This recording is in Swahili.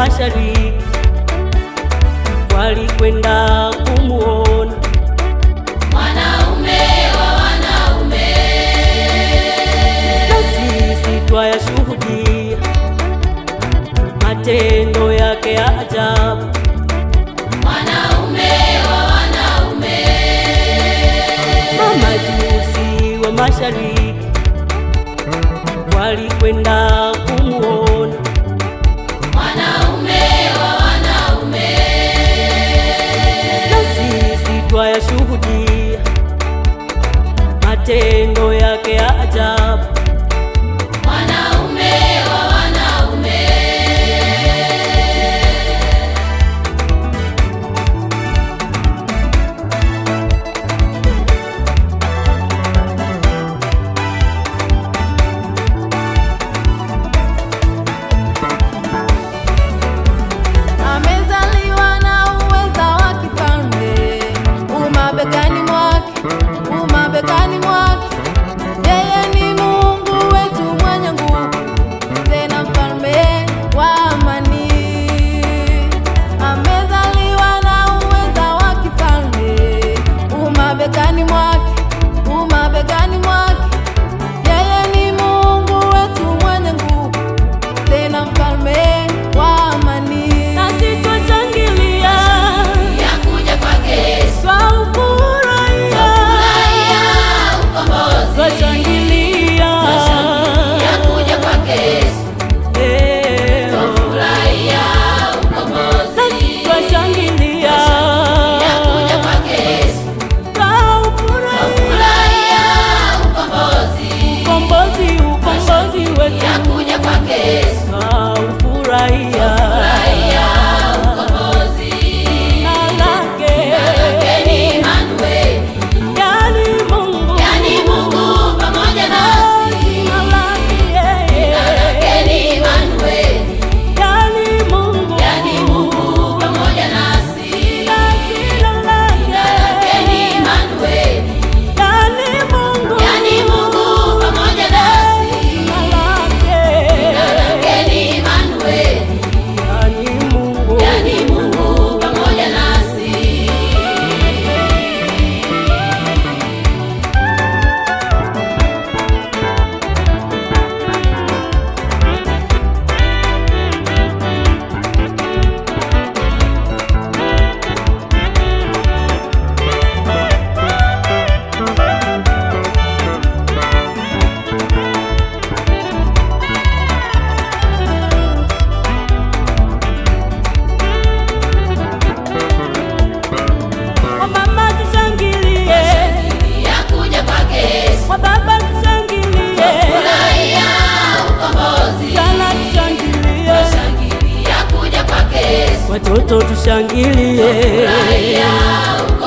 Mashariki walikwenda kumuona mwanaume wa wanaume, na sisi twayashuhudia matendo yake ya ajabu. wa wanaume, wa Mashariki walikwenda kumuona matendo yake ajabu. watoto tushangilie.